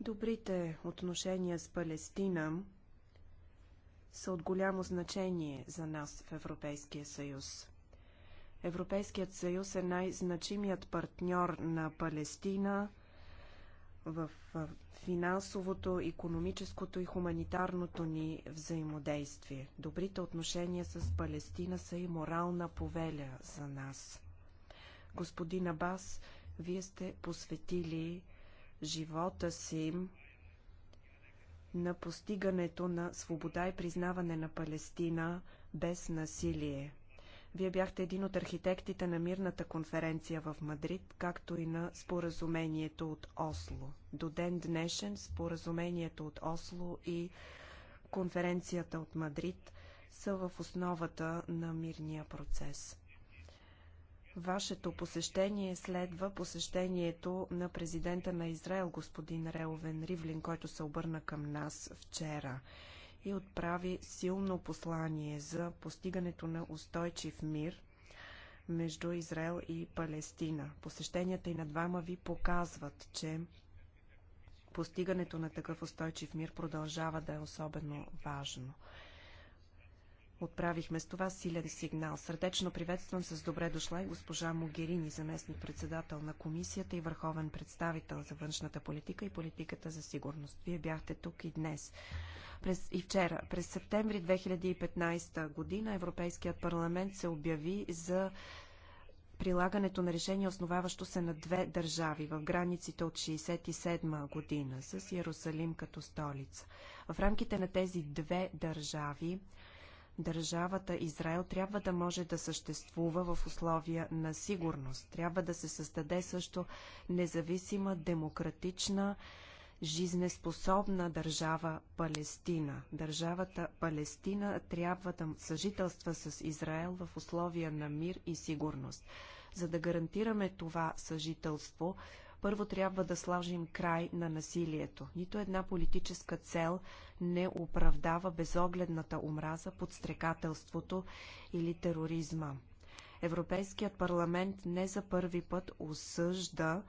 Добрите отношения с Палестина са от голямо значение за нас в Европейския съюз. Европейският съюз е най-значимият партньор на Палестина в финансовото, економическото и хуманитарното ни взаимодействие. Добрите отношения с Палестина са и морална повеля за нас. Господин Абас вие сте посветили живота си на постигането на свобода и признаване на Палестина без насилие. Вие бяхте един от архитектите на мирната конференция в Мадрид, както и на споразумението от Осло. До ден днешен споразумението от Осло и конференцията от Мадрид са в основата на мирния процес. Вашето посещение следва посещението на президента на Израел, господин Реовен Ривлин, който се обърна към нас вчера и отправи силно послание за постигането на устойчив мир между Израел и Палестина. Посещенията и на двама ви показват, че постигането на такъв устойчив мир продължава да е особено важно. Отправихме с това силен сигнал. Сърдечно приветствам с добре дошла и госпожа Могерини, заместник председател на комисията и върховен представител за външната политика и политиката за сигурност. Вие бяхте тук и днес. През, и вчера, през септември 2015 година, Европейският парламент се обяви за прилагането на решение, основаващо се на две държави в границите от 1967 година с Иерусалим като столица. В рамките на тези две държави Държавата Израел трябва да може да съществува в условия на сигурност. Трябва да се създаде също независима, демократична, жизнеспособна държава Палестина. Държавата Палестина трябва да съжителства с Израел в условия на мир и сигурност. За да гарантираме това съжителство, първо трябва да сложим край на насилието. Нито една политическа цел не оправдава безогледната омраза, подстрекателството или тероризма. Европейският парламент не за първи път осъжда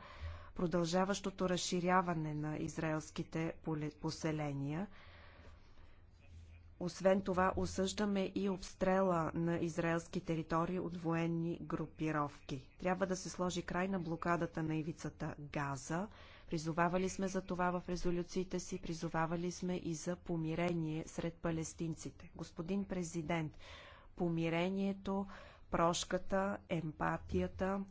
продължаващото разширяване на израелските поселения. Освен това, осъждаме и обстрела на израелски територии от военни групировки. Трябва да се сложи край на блокадата на ивицата Газа. Призовавали сме за това в резолюциите си, призовавали сме и за помирение сред палестинците. Господин президент, помирението, прошката, емпатията,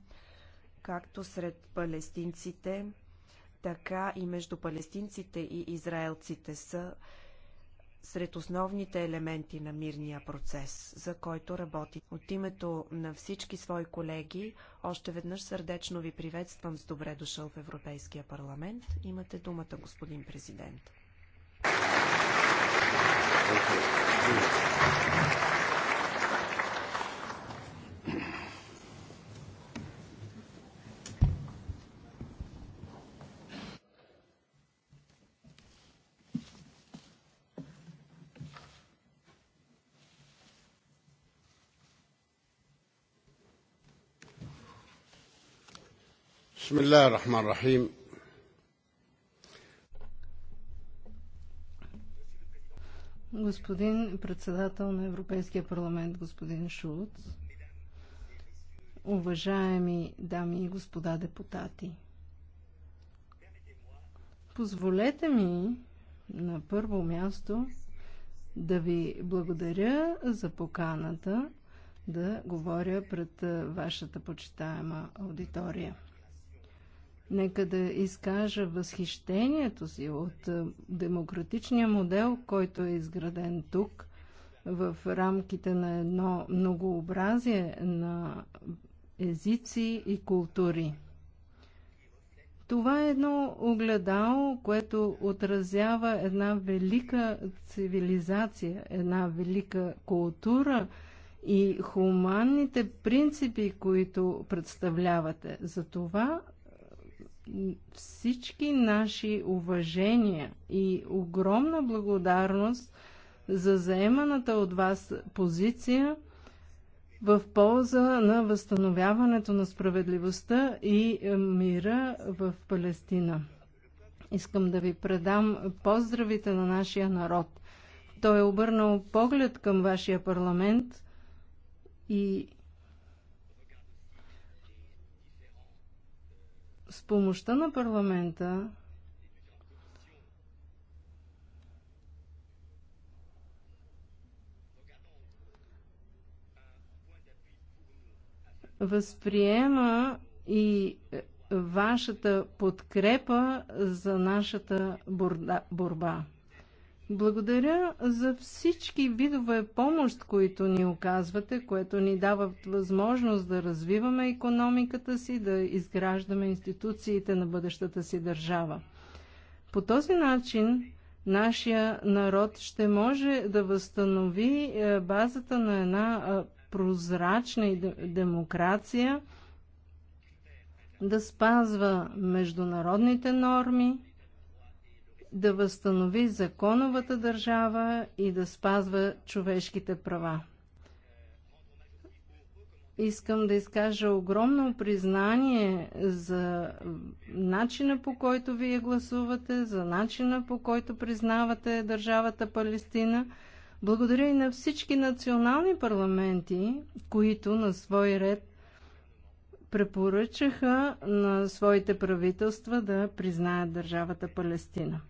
както сред палестинците, така и между палестинците и израелците са сред основните елементи на мирния процес, за който работи. От името на всички свои колеги, още веднъж сърдечно ви приветствам с добре дошъл в Европейския парламент. Имате думата, господин президент. Thank you. بسم الله الرحمن الرحيم Господин председател на Европейския парламент, господин Шулц, уважаеми дами и господа депутати, позволете ми на първо място да ви благодаря за поканата да говоря пред вашата почитаема аудитория. Нека да изкажа възхищението си от е, демократичния модел, който е изграден тук, в рамките на едно многообразие на езици и култури. Това е едно огледало, което отразява една велика цивилизация, една велика култура и хуманните принципи, които представлявате. За това всички наши уважения и огромна благодарност за заеманата от вас позиция в полза на възстановяването на справедливостта и е, мира в Палестина. Искам да ви предам поздравите на нашия народ. Той е обърнал поглед към вашия парламент и с помощта на парламента възприема и е, вашата подкрепа за нашата борда, борба. Благодаря за всички видове помощ, които ни оказвате, което ни дава възможност да развиваме економиката си, да изграждаме институциите на бъдещата си държава. По този начин нашия народ ще може да възстанови е, базата на една е, прозрачна демокрация, да спазва международните норми, да възстанови законовата държава и да спазва човешките права. Искам да изкажа огромно признание за начина по който вие гласувате, за начина по който признавате държавата Палестина. Благодаря и на всички национални парламенти, които на свой ред препоръчаха на своите правителства да признаят държавата Палестина.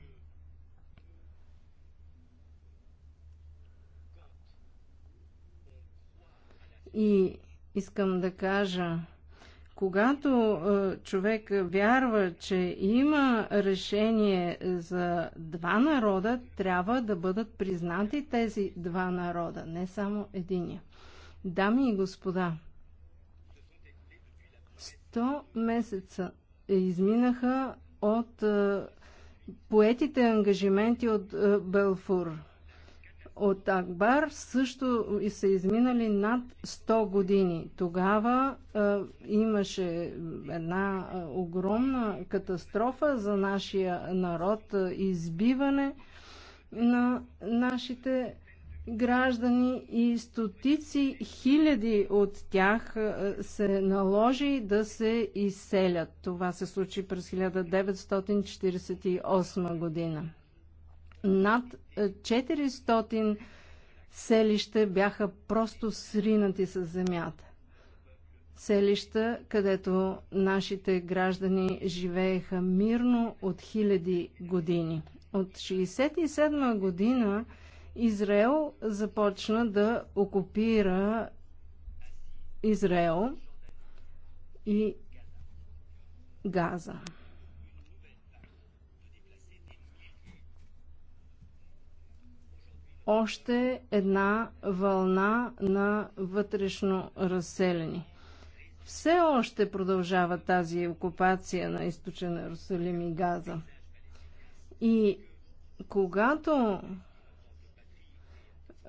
И искам да кажа, когато е, човек вярва, че има решение за два народа, трябва да бъдат признати тези два народа, не само единия. Дами и господа, 100 месеца е, изминаха от е, поетите ангажименти от Белфур – от Акбар също са изминали над 100 години. Тогава а, имаше една огромна катастрофа за нашия народ, а, избиване на нашите граждани и стотици хиляди от тях се наложи да се изселят. Това се случи през 1948 година. Над 400 е, селища бяха просто сринати с земята. Селища, където нашите граждани живееха мирно от хиляди години. От 1967 година Израел започна да окупира Израел и Газа. още една вълна на вътрешно разселени. Все още продължава тази окупация на източен Иерусалим и Газа. И когато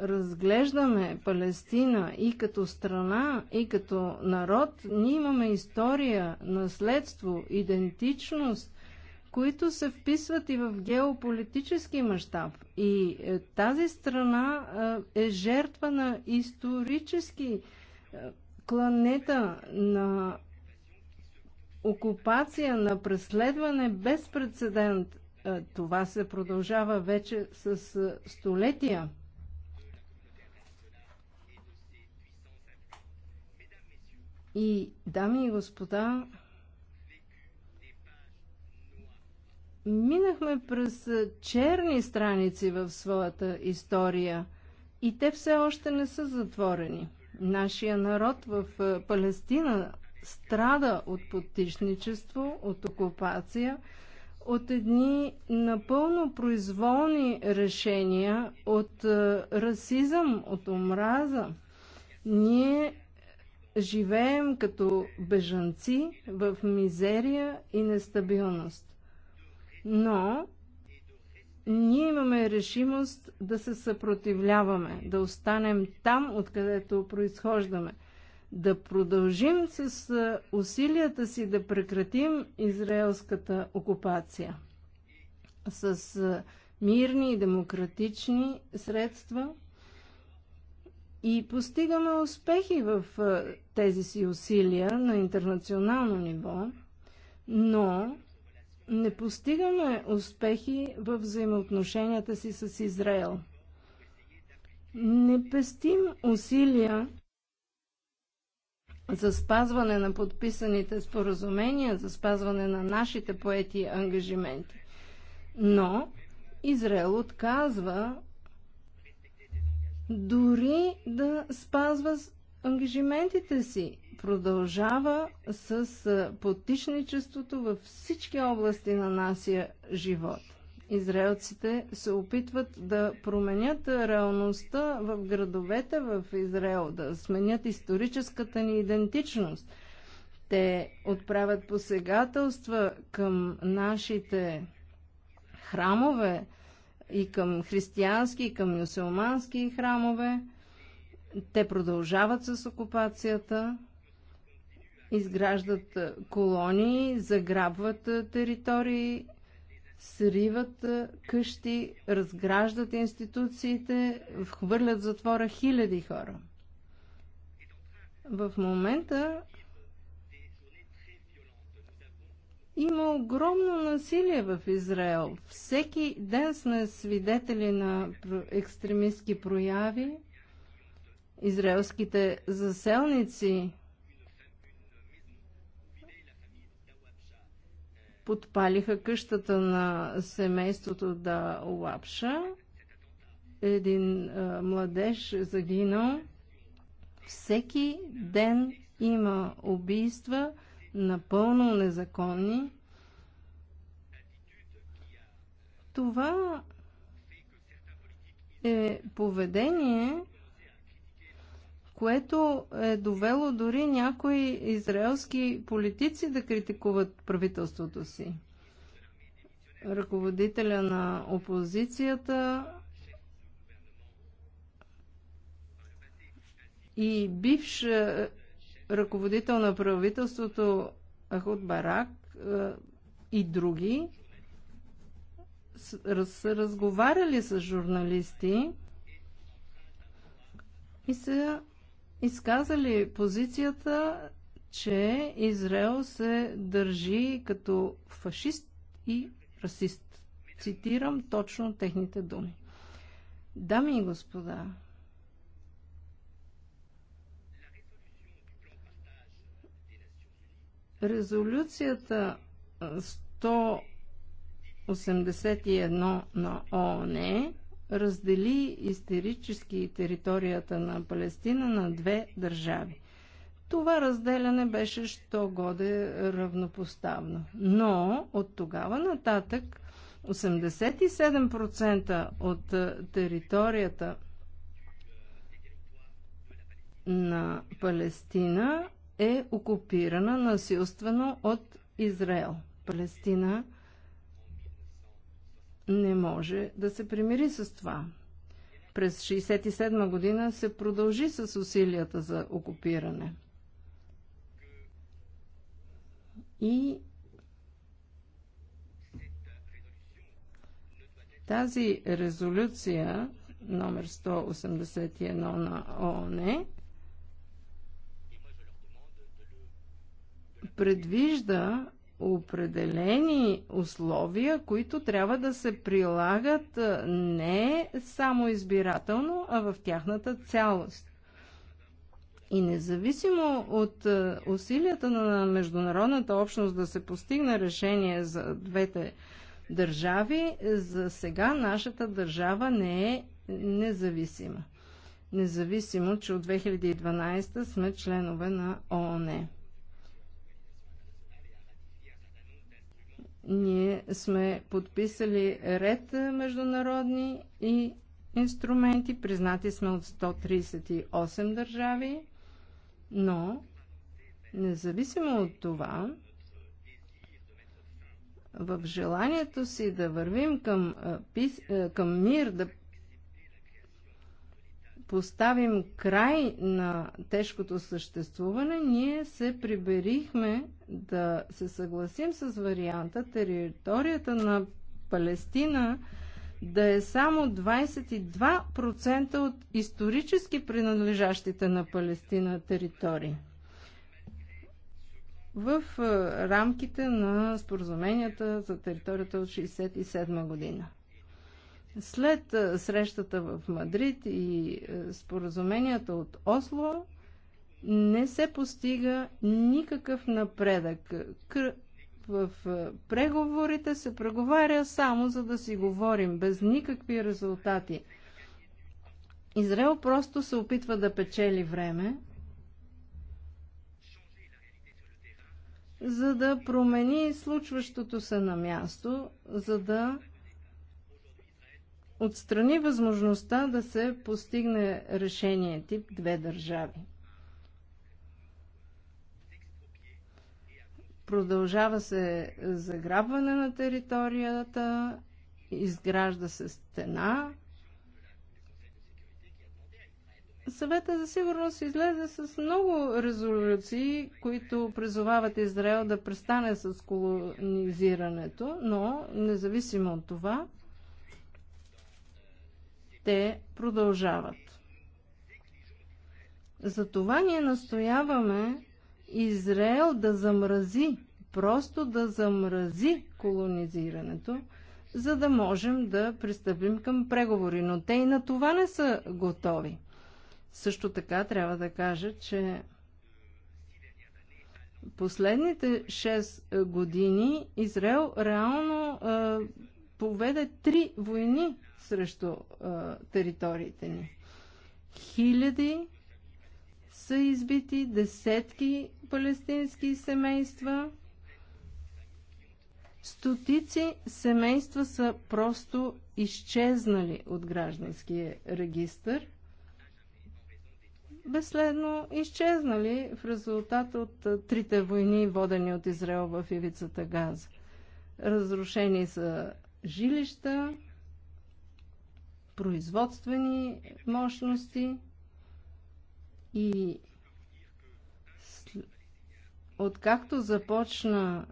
разглеждаме Палестина и като страна, и като народ, ние имаме история, наследство, идентичност – които се вписват и в геополитически мащаб. И е, тази страна е, е жертва на исторически е, кланета на окупация, на преследване без прецедент. Това се продължава вече с столетия. И, дами и господа, Минахме през черни страници в своята история и те все още не са затворени. Нашия народ в Палестина страда от потишничество, от окупация, от едни напълно произволни решения, от расизъм, от омраза. Ние живеем като бежанци в мизерия и нестабилност но ние имаме решимост да се съпротивляваме, да останем там, откъдето произхождаме, да продължим с усилията си да прекратим израелската окупация с мирни и демократични средства и постигаме успехи в тези си усилия на интернационално ниво, но не постигаме успехи в взаимоотношенията си с Израел. Не пестим усилия за спазване на подписаните споразумения, за спазване на нашите поети ангажименти. Но Израел отказва дори да спазва ангажиментите си продължава с потичничеството във всички области на нашия живот. Израелците се опитват да променят реалността в градовете в Израел, да сменят историческата ни идентичност. Те отправят посегателства към нашите храмове и към християнски, и към мюсюлмански храмове. Те продължават с окупацията изграждат колонии, заграбват територии, сриват къщи, разграждат институциите, хвърлят затвора хиляди хора. В момента има огромно насилие в Израел. Всеки ден сме свидетели на екстремистски прояви. Израелските заселници подпалиха къщата на семейството да Лапша. Един а, младеж загинал. Всеки ден има убийства, напълно незаконни. Това е поведение, което е довело дори някои израелски политици да критикуват правителството си. Ръководителя на опозицията и бивш е, ръководител на правителството Ахуд Барак е, и други са разговаряли с журналисти и са изказали позицията, че Израел се държи като фашист и расист. Цитирам точно техните думи. Дами и господа, резолюцията 181 на ООН раздели истерически територията на Палестина на две държави. Това разделяне беше що годе равнопоставно. Но от тогава нататък 87% от територията на Палестина е окупирана насилствено от Израел. Палестина не може да се примири с това. През 1967 година се продължи с усилията за окупиране. И тази резолюция номер 181 на ООН предвижда определени условия, които трябва да се прилагат не само избирателно, а в тяхната цялост. И независимо от усилията на международната общност да се постигне решение за двете държави, за сега нашата държава не е независима. Независимо, че от 2012 сме членове на ООН. Ние сме подписали ред е, международни и инструменти, признати сме от 138 държави, но независимо от това, в желанието си да вървим към, е, е, към мир, да поставим край на тежкото съществуване, ние се приберихме да се съгласим с варианта територията на Палестина да е само 22% от исторически принадлежащите на Палестина територии. В е, рамките на споразуменията за територията от 1967 година. След срещата в Мадрид и споразуменията от Осло не се постига никакъв напредък. В преговорите се преговаря само за да си говорим, без никакви резултати. Израел просто се опитва да печели време, за да промени случващото се на място, за да отстрани възможността да се постигне решение тип две държави. Продължава се заграбване на територията, изгражда се стена. Съвета за сигурност излезе с много резолюции, които призовават Израел да престане с колонизирането, но независимо от това, те продължават. Затова ние настояваме Израел да замрази, просто да замрази колонизирането, за да можем да пристъпим към преговори. Но те и на това не са готови. Също така трябва да кажа, че последните 6 е, години Израел реално е, поведе три войни срещу а, териториите ни. Хиляди са избити, десетки палестински семейства, стотици семейства са просто изчезнали от гражданския регистр, безследно изчезнали в резултат от трите войни, водени от Израел в ивицата Газа. Разрушени са жилища, производствени мощности и откакто започна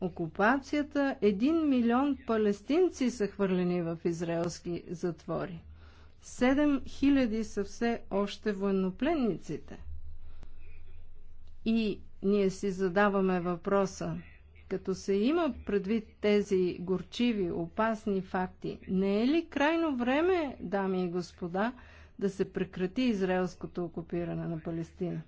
окупацията, един милион палестинци са хвърлени в израелски затвори. 7 хиляди са все още военнопленниците. И ние си задаваме въпроса – като се има предвид тези горчиви, опасни факти, не е ли крайно време, дами и господа, да се прекрати израелското окупиране на Палестина?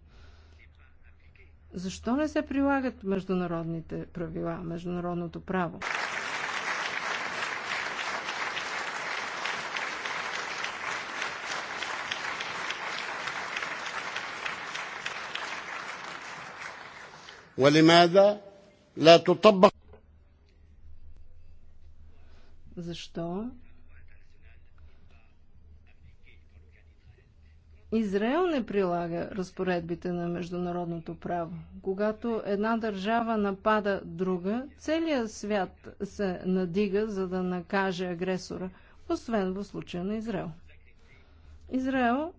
Защо не се прилагат международните правила, международното право? ولماذا لا تطبق Защо? Израел не прилага разпоредбите на международното право. Когато една държава напада друга, целият свят се надига, за да накаже агресора, освен в случая на Израел. Израел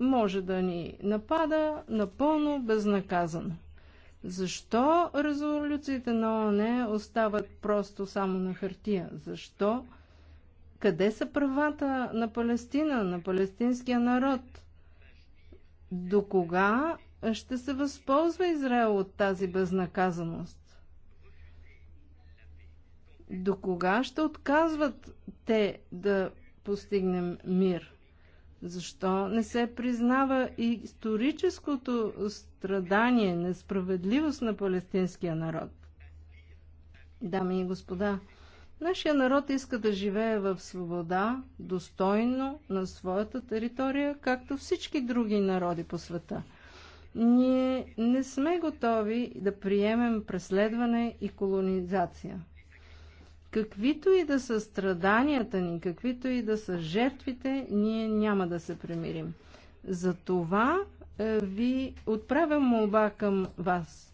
може да ни напада напълно безнаказано. Защо резолюциите на ООН остават просто само на хартия? Защо? Къде са правата на Палестина, на палестинския народ? До кога ще се възползва Израел от тази безнаказаност? До кога ще отказват те да постигнем мир? Защо не се признава и историческото страдание, несправедливост на палестинския народ? Дами и господа, нашия народ иска да живее в свобода, достойно на своята територия, както всички други народи по света. Ние не сме готови да приемем преследване и колонизация. Каквито и да са страданията ни, каквито и да са жертвите, ние няма да се примирим. Затова е, ви отправям молба към вас.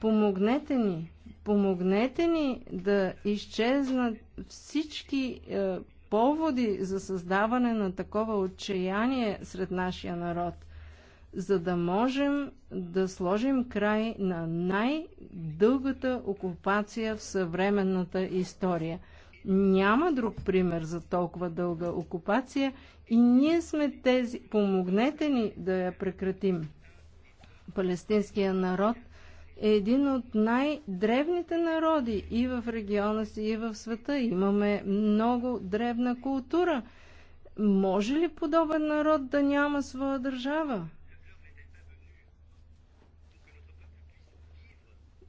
Помогнете ни, помогнете ни да изчезнат всички е, поводи за създаване на такова отчаяние сред нашия народ – за да можем да сложим край на най-дългата окупация в съвременната история. Няма друг пример за толкова дълга окупация и ние сме тези. Помогнете ни да я прекратим. Палестинския народ е един от най-древните народи и в региона си, и в света. Имаме много древна култура. Може ли подобен народ да няма своя държава?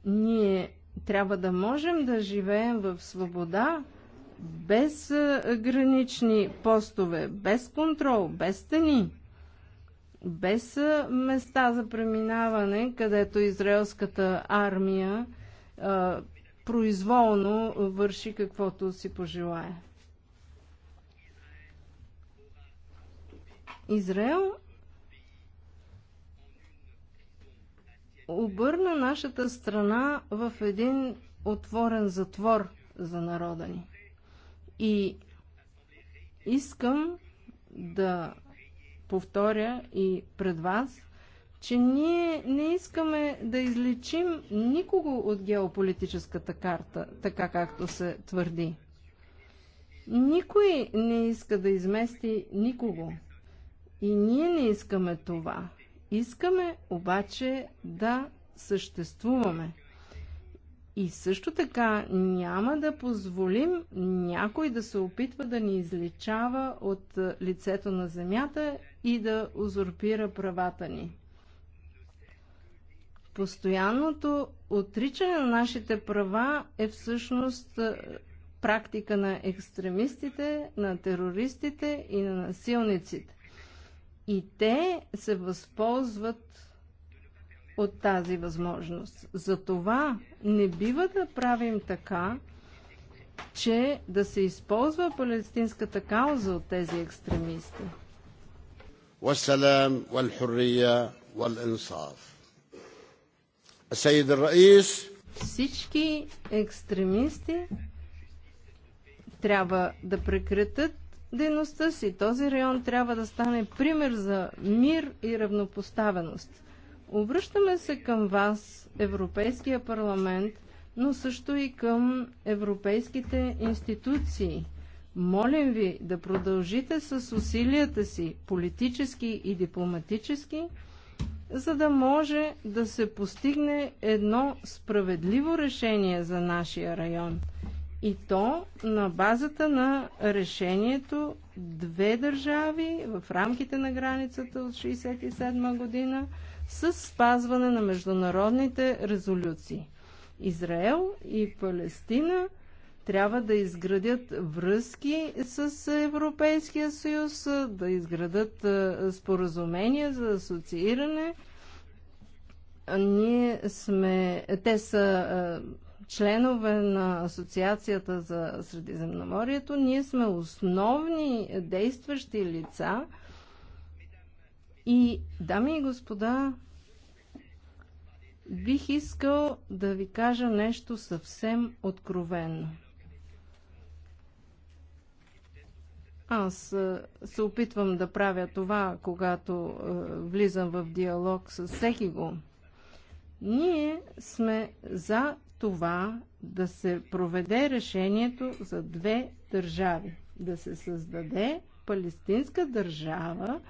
Ние трябва да можем да живеем в свобода, без гранични постове, без контрол, без стени, без места за преминаване, където израелската армия а, произволно върши каквото си пожелая. Израел обърна нашата страна в един отворен затвор за народа ни. И искам да повторя и пред вас, че ние не искаме да излечим никого от геополитическата карта, така както се твърди. Никой не иска да измести никого. И ние не искаме това. Искаме обаче да съществуваме. И също така няма да позволим някой да се опитва да ни изличава от е, лицето на земята и да узурпира правата ни. Постоянното отричане на нашите права е всъщност е, практика на екстремистите, на терористите и на насилниците. И те се възползват от тази възможност. Затова не бива да правим така, че да се използва палестинската кауза от тези екстремисти. والسلام والحرية والإنصاف السيد الرئيس Всички екстремисти трябва да прекратят дейността си. Този район трябва да стане пример за мир и равнопоставеност. Обръщаме се към вас, Европейския парламент, но също и към европейските институции. Молим ви да продължите с усилията си, политически и дипломатически, за да може да се постигне едно справедливо решение за нашия район и то на базата на решението две държави в рамките на границата от 1967 година с спазване на международните резолюции. Израел и Палестина трябва да изградят връзки с Европейския съюз, да изградат споразумения за асоцииране. Ние сме, те са членове на Асоциацията за Средиземноморието, ние сме основни действащи лица. И, дами и господа, бих искал да ви кажа нещо съвсем откровенно. Аз се опитвам да правя това, когато влизам в диалог с всеки го. Ние сме за това да се проведе решението за две държави. Да се създаде палестинска държава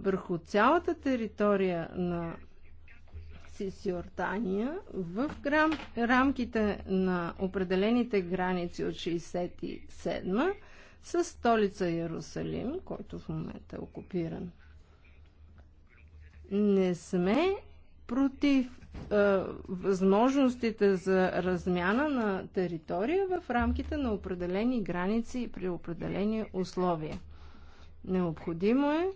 върху цялата територия на Сисиортания в грам, рамките на определените граници от 67 с столица Иерусалим, който в момента е окупиран. Не сме против е, възможностите за размяна на територия в рамките на определени граници и при определени условия. Необходимо е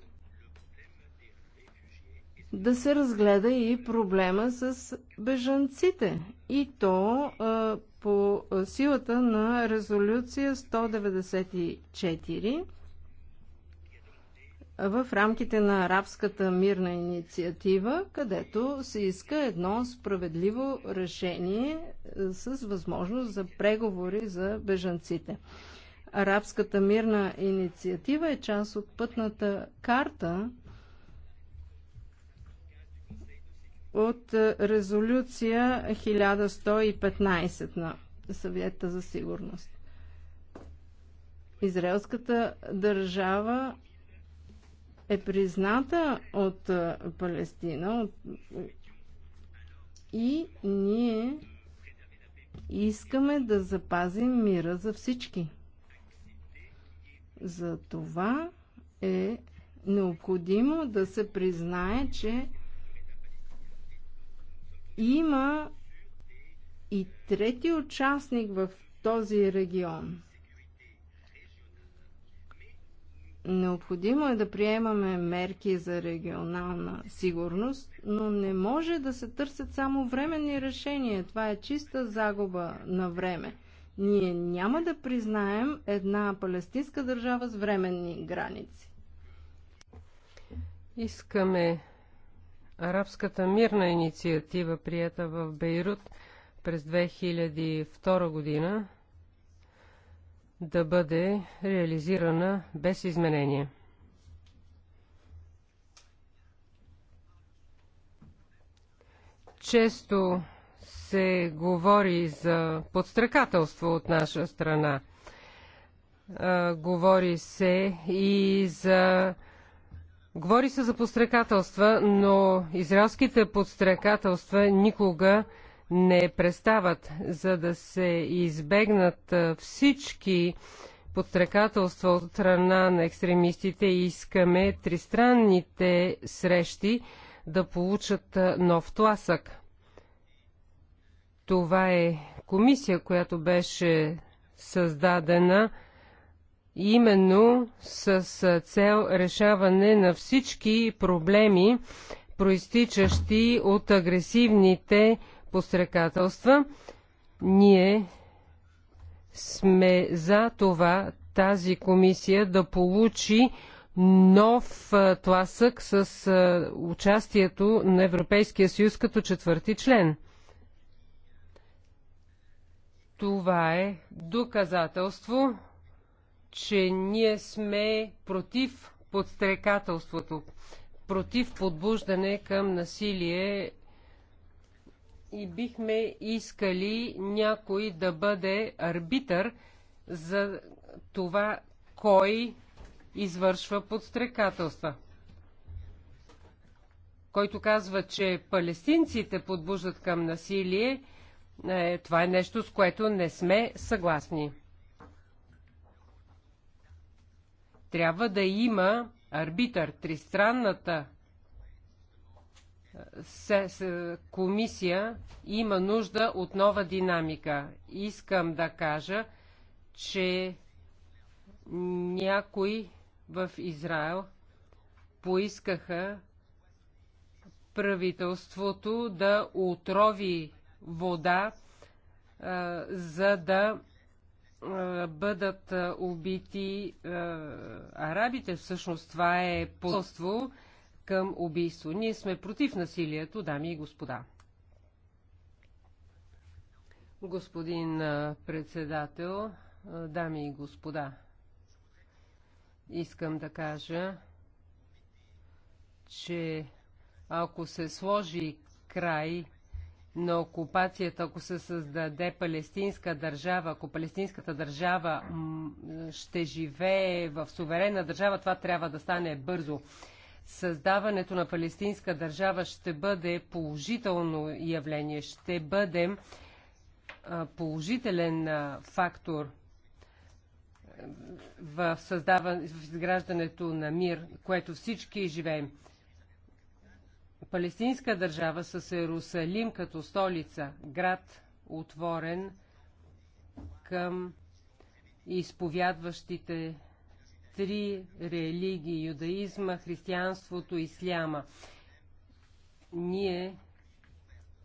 да се разгледа и проблема с бежанците. И то е, по силата на резолюция 194 в рамките на арабската мирна инициатива, където се иска едно справедливо решение е, с възможност за преговори за бежанците. Арабската мирна инициатива е част от пътната карта от е, резолюция 1115 на Съвета за сигурност. Израелската държава е призната от Палестина от... и ние искаме да запазим мира за всички. За това е необходимо да се признае, че има и трети участник в този регион Необходимо е да приемаме мерки за регионална сигурност, но не може да се търсят само временни решения. Това е чиста загуба на време. Ние няма да признаем една палестинска държава с временни граници. Искаме арабската мирна инициатива, прията в Бейрут през 2002 година, да бъде реализирана без изменение. Често се говори за подстрекателство от наша страна. А, говори се и за Говори се за подстрекателства, но израелските подстрекателства никога не престават, за да се избегнат всички подстрекателства от страна на екстремистите и искаме тристранните срещи да получат нов тласък. Това е комисия, която беше създадена именно с цел решаване на всички проблеми, проистичащи от агресивните пострекателства. Ние сме за това тази комисия да получи нов тласък с участието на Европейския съюз като четвърти член. Това е доказателство, че ние сме против подстрекателството, против подбуждане към насилие и бихме искали някой да бъде арбитър за това кой извършва подстрекателства. Който казва, че палестинците подбуждат към насилие, е, това е нещо, с което не сме съгласни. Трябва да има арбитър. Тристранната се, се, комисия има нужда от нова динамика. Искам да кажа, че някои в Израел поискаха правителството да отрови вода, а, за да а, бъдат а, убити арабите. Всъщност това е посолство към убийство. Ние сме против насилието, дами и господа. Господин председател, дами и господа, искам да кажа, че ако се сложи край на окупацията, ако се създаде палестинска държава, ако палестинската държава ще живее в суверена държава, това трябва да стане бързо създаването на палестинска държава ще бъде положително явление, ще бъде положителен фактор в, в изграждането на мир, което всички живеем. Палестинска държава с Иерусалим като столица, град отворен към изповядващите три религии – юдаизма, християнството и исляма. Ние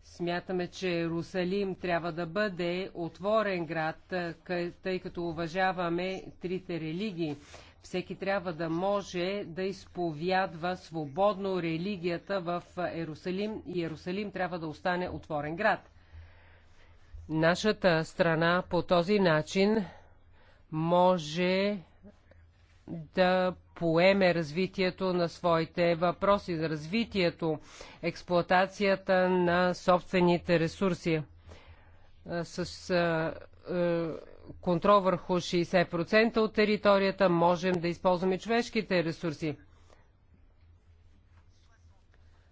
смятаме, че Иерусалим трябва да бъде отворен град, тъй като уважаваме трите религии. Всеки трябва да може да изповядва свободно религията в Иерусалим и Иерусалим трябва да остане отворен град. Нашата страна по този начин може да поеме развитието на своите въпроси за развитието, експлоатацията на собствените ресурси с контрол върху 60% от територията можем да използваме човешките ресурси.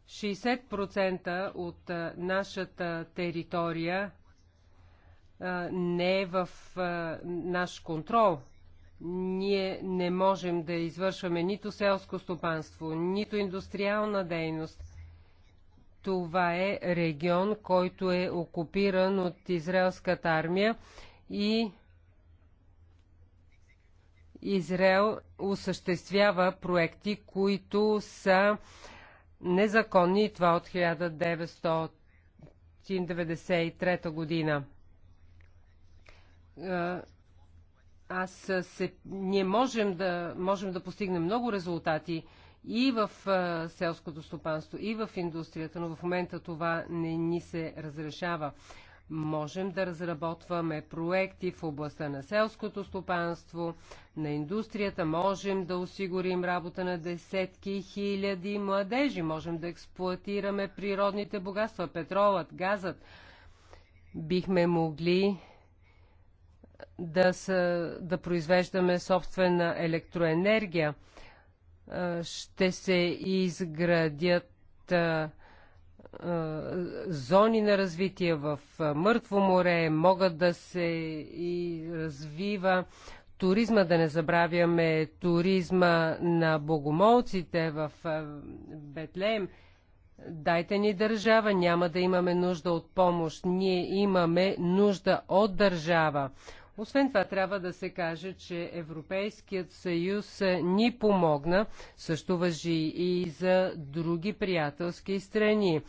60% от нашата територия не е в наш контрол – ние не можем да извършваме нито селско стопанство, нито индустриална дейност. Това е регион, който е окупиран от израелската армия и Израел осъществява проекти, които са незаконни и това от 1993 година. Е, аз се, ние можем да, можем да постигнем много резултати и в а, селското стопанство, и в индустрията, но в момента това не ни се разрешава. Можем да разработваме проекти в областта на селското стопанство, на индустрията, можем да осигурим работа на десетки хиляди младежи, можем да експлуатираме природните богатства, петролът, газът. Бихме могли да, са, да произвеждаме собствена електроенергия. Ще се изградят зони на развитие в Мъртво море, могат да се и развива туризма, да не забравяме туризма на богомолците в Бетлеем. Дайте ни държава, няма да имаме нужда от помощ. Ние имаме нужда от държава, освен това, трябва да се каже, че Европейският съюз е, ни помогна, също въжи и за други приятелски страни.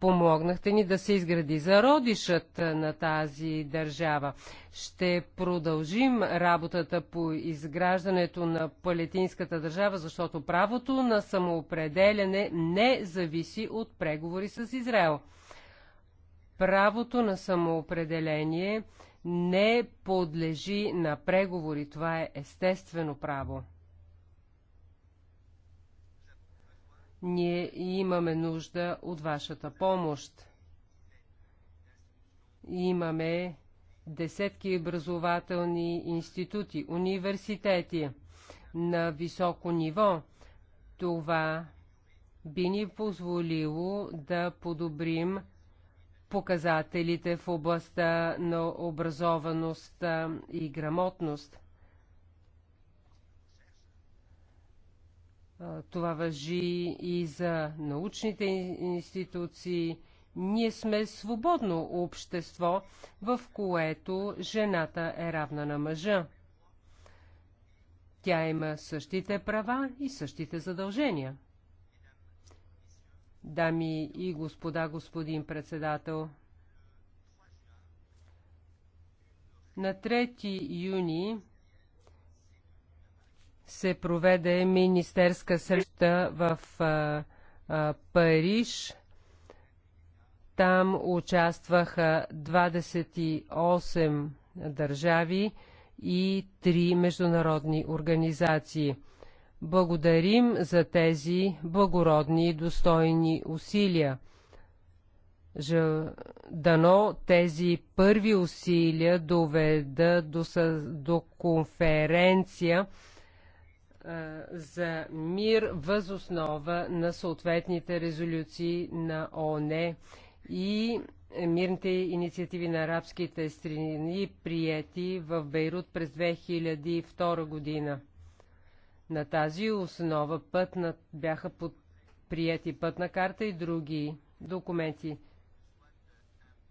Помогнахте ни да се изгради зародишът е, на тази държава. Ще продължим работата по изграждането на палетинската държава, защото правото на самоопределяне не зависи от преговори с Израел. Правото на самоопределение – не подлежи на преговори. Това е естествено право. Ние имаме нужда от вашата помощ. Имаме десетки образователни институти, университети на високо ниво. Това би ни позволило да подобрим показателите в областта на образованост и грамотност. Това въжи и за научните институции. Ние сме свободно общество, в което жената е равна на мъжа. Тя има същите права и същите задължения. Дами и господа, господин председател, на 3 юни се проведе министерска среща в а, а, Париж. Там участваха 28 държави и 3 международни организации. Благодарим за тези благородни и достойни усилия. Дано тези първи усилия доведа до, до конференция за мир въз основа на съответните резолюции на ОНЕ и мирните инициативи на арабските страни, прияти в Бейрут през 2002 година. На тази основа път на, бяха прияти пътна карта и други документи.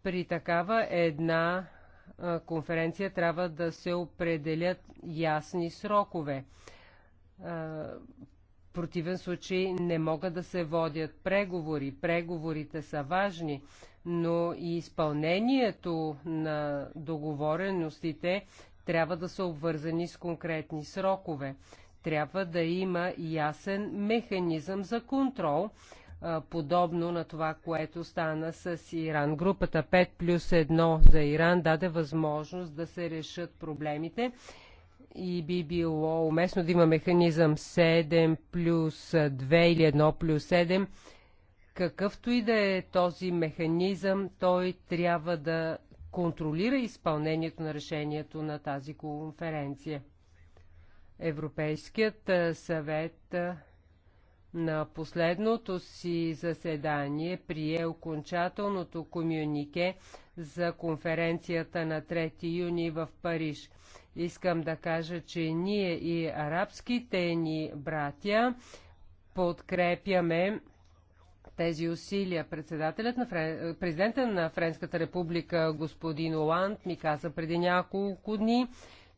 При такава една а, конференция трябва да се определят ясни срокове. А, в противен случай не могат да се водят преговори. Преговорите са важни, но и изпълнението на договореностите трябва да са обвързани с конкретни срокове. Трябва да има ясен механизъм за контрол, подобно на това, което стана с Иран. Групата 5 плюс 1 за Иран даде възможност да се решат проблемите и би било уместно да има механизъм 7 плюс 2 или 1 плюс 7. Какъвто и да е този механизъм, той трябва да контролира изпълнението на решението на тази конференция. Европейският съвет на последното си заседание прие окончателното комюнике за конференцията на 3 юни в Париж. Искам да кажа, че ние и арабските ни братя подкрепяме тези усилия. Председателят на Френ... Президента на Френската република господин Оланд ми каза преди няколко дни,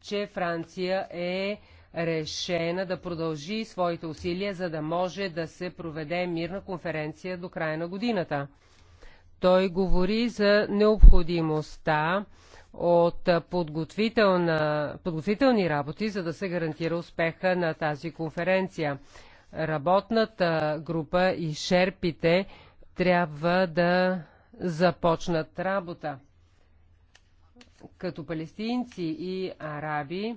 че Франция е решена да продължи своите усилия, за да може да се проведе мирна конференция до края на годината. Той говори за необходимостта от подготвителни работи, за да се гарантира успеха на тази конференция. Работната група и шерпите трябва да започнат работа. Като палестинци и араби,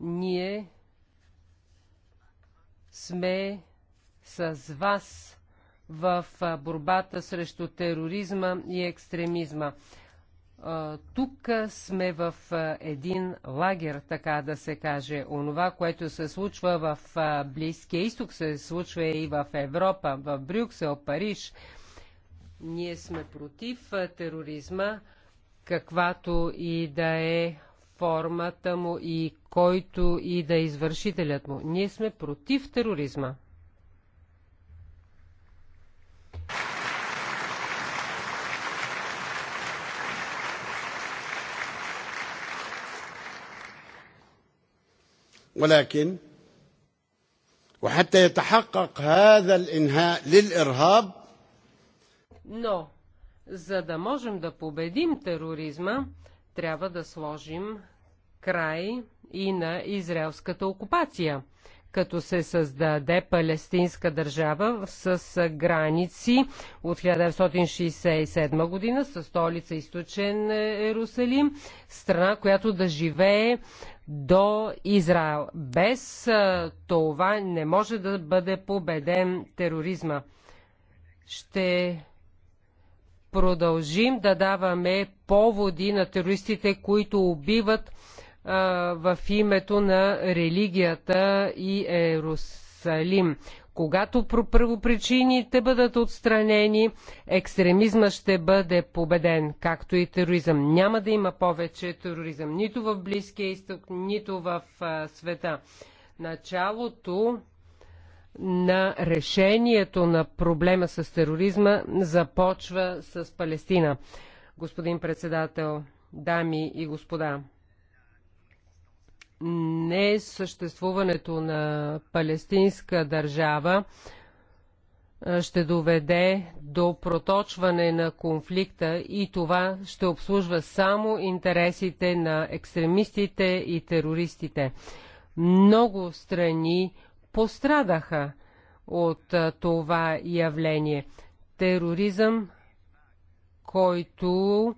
ние сме с вас в борбата срещу тероризма и екстремизма. Тук сме в един лагер, така да се каже. Онова, което се случва в Близкия изток, се случва и в Европа, в Брюксел, Париж. Ние сме против тероризма, каквато и да е формата му и който и да е извършителят му. Ние сме против тероризма. ولكن وحتى يتحقق هذا الانهاء للارهاب Но, за да можем да победим тероризма, трябва да сложим край и на израелската окупация, като се създаде палестинска държава с граници от 1967 година, с столица Източен Ерусалим, страна, която да живее до Израел. Без това не може да бъде победен тероризма. Ще продължим да даваме поводи на терористите, които убиват а, в името на религията и Ерусалим. Когато първопричините бъдат отстранени, екстремизма ще бъде победен, както и тероризъм. Няма да има повече тероризъм нито в Близкия изток, нито в а, света. Началото на решението на проблема с тероризма започва с Палестина. Господин председател, дами и господа, не съществуването на палестинска държава ще доведе до проточване на конфликта и това ще обслужва само интересите на екстремистите и терористите. Много страни пострадаха от това явление. Тероризъм, който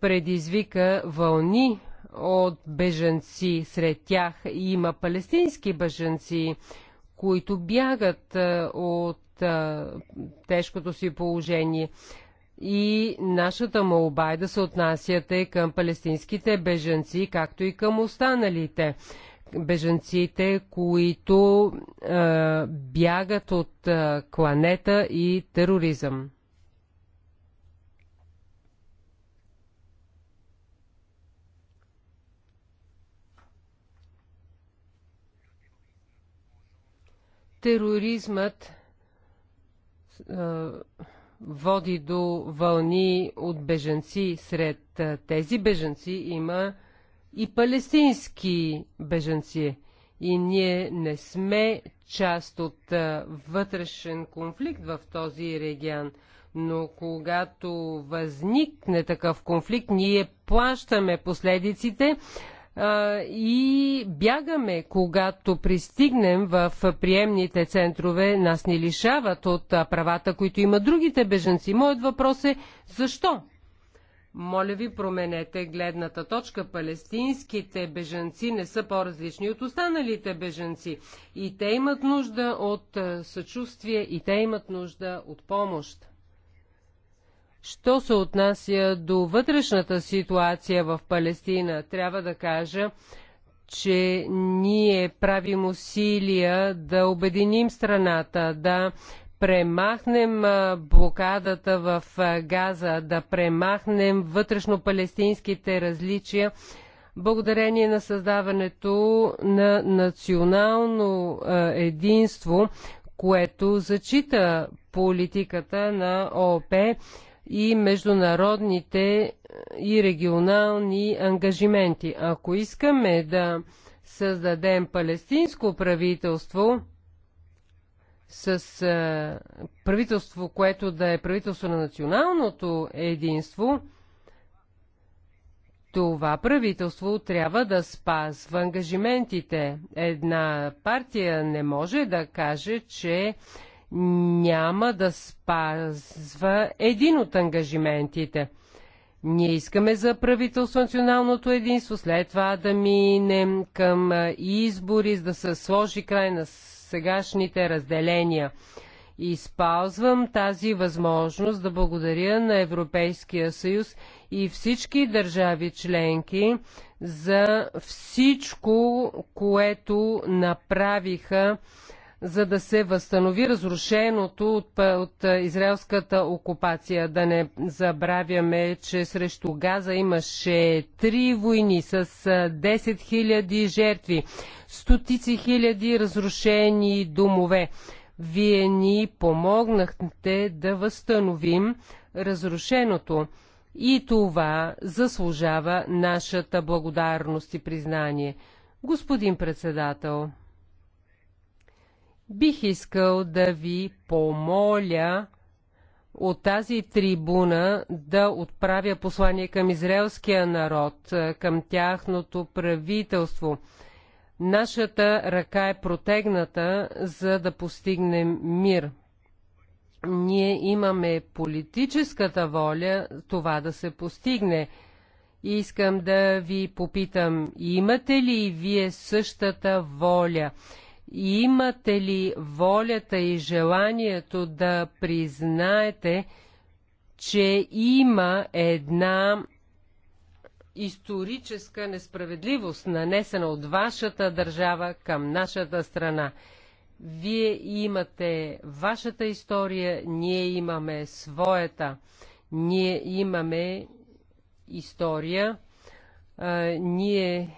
предизвика вълни от бежанци. Сред тях има палестински бежанци, които бягат от тежкото си положение. И нашата молба е да се отнасяте към палестинските бежанци, както и към останалите бежанците, които а, бягат от а, кланета и тероризъм. Тероризмът а, води до вълни от бежанци. Сред тези бежанци има и палестински беженци. И ние не сме част от вътрешен конфликт в този регион. Но когато възникне такъв конфликт, ние плащаме последиците а, и бягаме, когато пристигнем в приемните центрове, нас ни лишават от правата, които имат другите беженци. Моят въпрос е защо? Моля ви, променете гледната точка. Палестинските бежанци не са по-различни от останалите бежанци. И те имат нужда от е, съчувствие, и те имат нужда от помощ. Що се отнася до вътрешната ситуация в Палестина, трябва да кажа, че ние правим усилия да обединим страната, да премахнем блокадата в Газа, да премахнем вътрешно-палестинските различия, благодарение на създаването на национално единство, което зачита политиката на ООП и международните и регионални ангажименти. Ако искаме да създадем палестинско правителство, с а, правителство, което да е правителство на националното единство, това правителство трябва да спазва ангажиментите. Една партия не може да каже, че няма да спазва един от ангажиментите. Ние искаме за правителство националното единство, след това да минем към избори, за да се сложи край на сегашните разделения. Използвам тази възможност да благодаря на Европейския съюз и всички държави членки за всичко, което направиха за да се възстанови разрушеното от, от израелската окупация. Да не забравяме, че срещу Газа имаше три войни с 10 000 жертви, стотици хиляди разрушени домове. Вие ни помогнахте да възстановим разрушеното. И това заслужава нашата благодарност и признание. Господин председател, Бих искал да ви помоля от тази трибуна да отправя послание към израелския народ, към тяхното правителство. Нашата ръка е протегната, за да постигнем мир. Ние имаме политическата воля това да се постигне. Искам да ви попитам, имате ли вие същата воля? Имате ли волята и желанието да признаете, че има една историческа несправедливост, нанесена от вашата държава към нашата страна? Вие имате вашата история, ние имаме своята. Ние имаме история, а, ние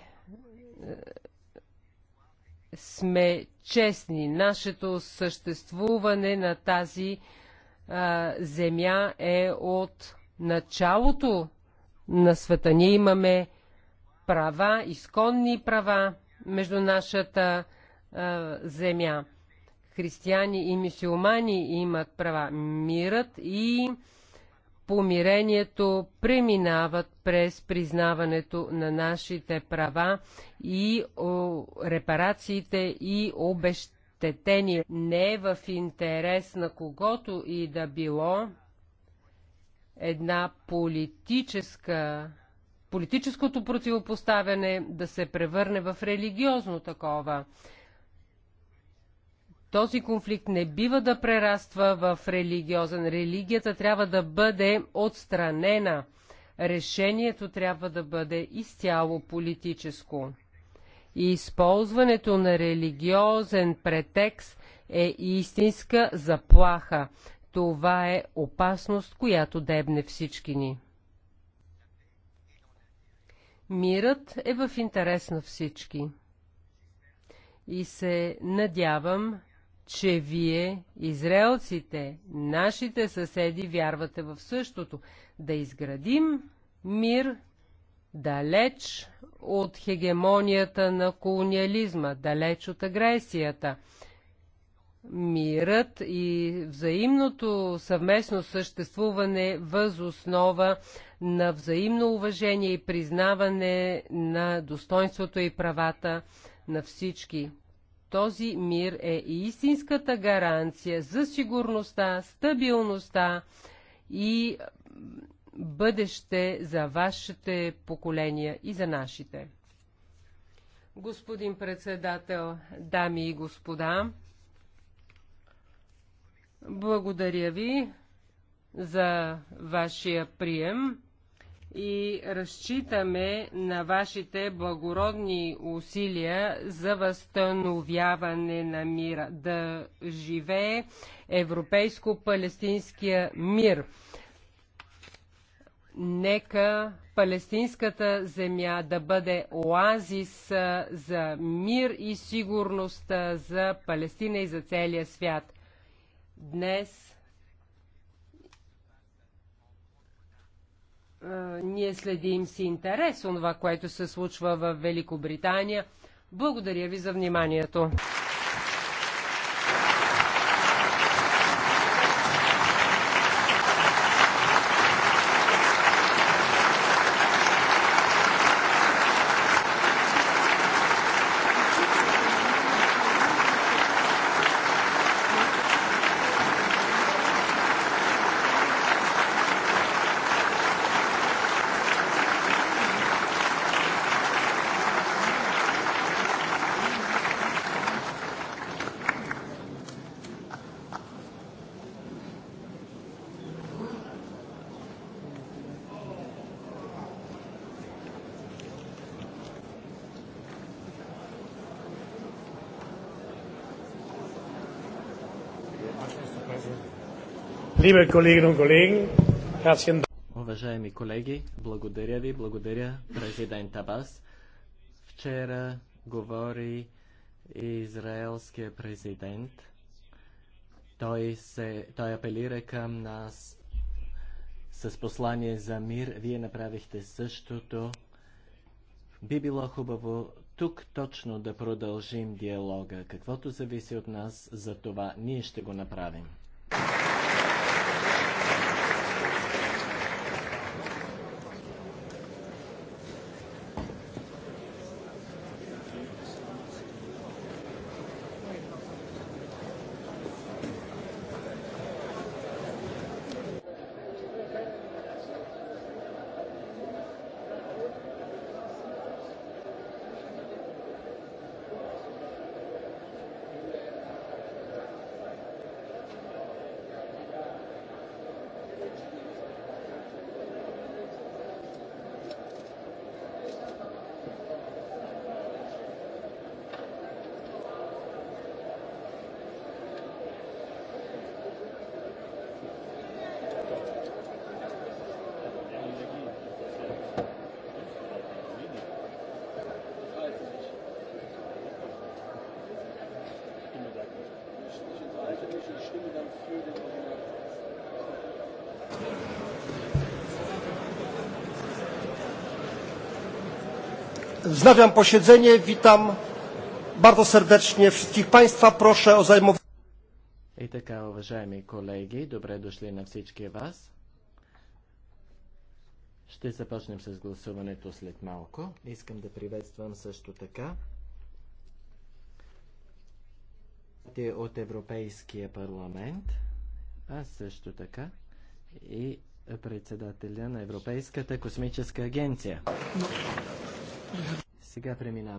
сме честни. Нашето съществуване на тази а, земя е от началото на света. Ние имаме права, изконни права между нашата а, земя. Християни и мисиомани имат права. Мирът и помирението преминават през признаването на нашите права и о, репарациите и обещетения. Не е в интерес на когото и да било една политическа политическото противопоставяне да се превърне в религиозно такова. Този конфликт не бива да прераства в религиозен. Религията трябва да бъде отстранена. Решението трябва да бъде изцяло политическо. И използването на религиозен претекст е истинска заплаха. Това е опасност, която дебне всички ни. Мирът е в интерес на всички. И се надявам, че вие, израелците, нашите съседи, вярвате в същото. Да изградим мир далеч от хегемонията на колониализма, далеч от агресията. Мирът и взаимното съвместно съществуване въз основа на взаимно уважение и признаване на достоинството и правата на всички. Този мир е истинската гаранция за сигурността, стабилността и бъдеще за вашите поколения и за нашите. Господин председател, дами и господа, благодаря ви за вашия прием и разчитаме на вашите благородни усилия за възстановяване на мира. Да живее европейско-палестинския мир. Нека палестинската земя да бъде оазис за мир и сигурност за Палестина и за целия свят. Днес ние следим си интерес това, което се случва в Великобритания. Благодаря ви за вниманието. Liebe Kolleginnen und Kollegen, herzlichen Dank. Уважаеми колеги, благодаря ви, благодаря президент Абас. Вчера говори израелския президент. Той, се, той апелира към нас с послание за мир. Вие направихте същото. Би било хубаво тук точно да продължим диалога. Каквото зависи от нас, за това ние ще го направим. Wznawiam posiedzenie. Witam bardzo serdecznie wszystkich Państwa. Proszę o zajmowanie. И така, уважаеми колеги, добре дошли на всички вас. Ще започнем с гласуването след малко. Искам да приветствам също така от Европейския парламент, а също така и председателя на Европейската космическа агенция. Сега преминаваме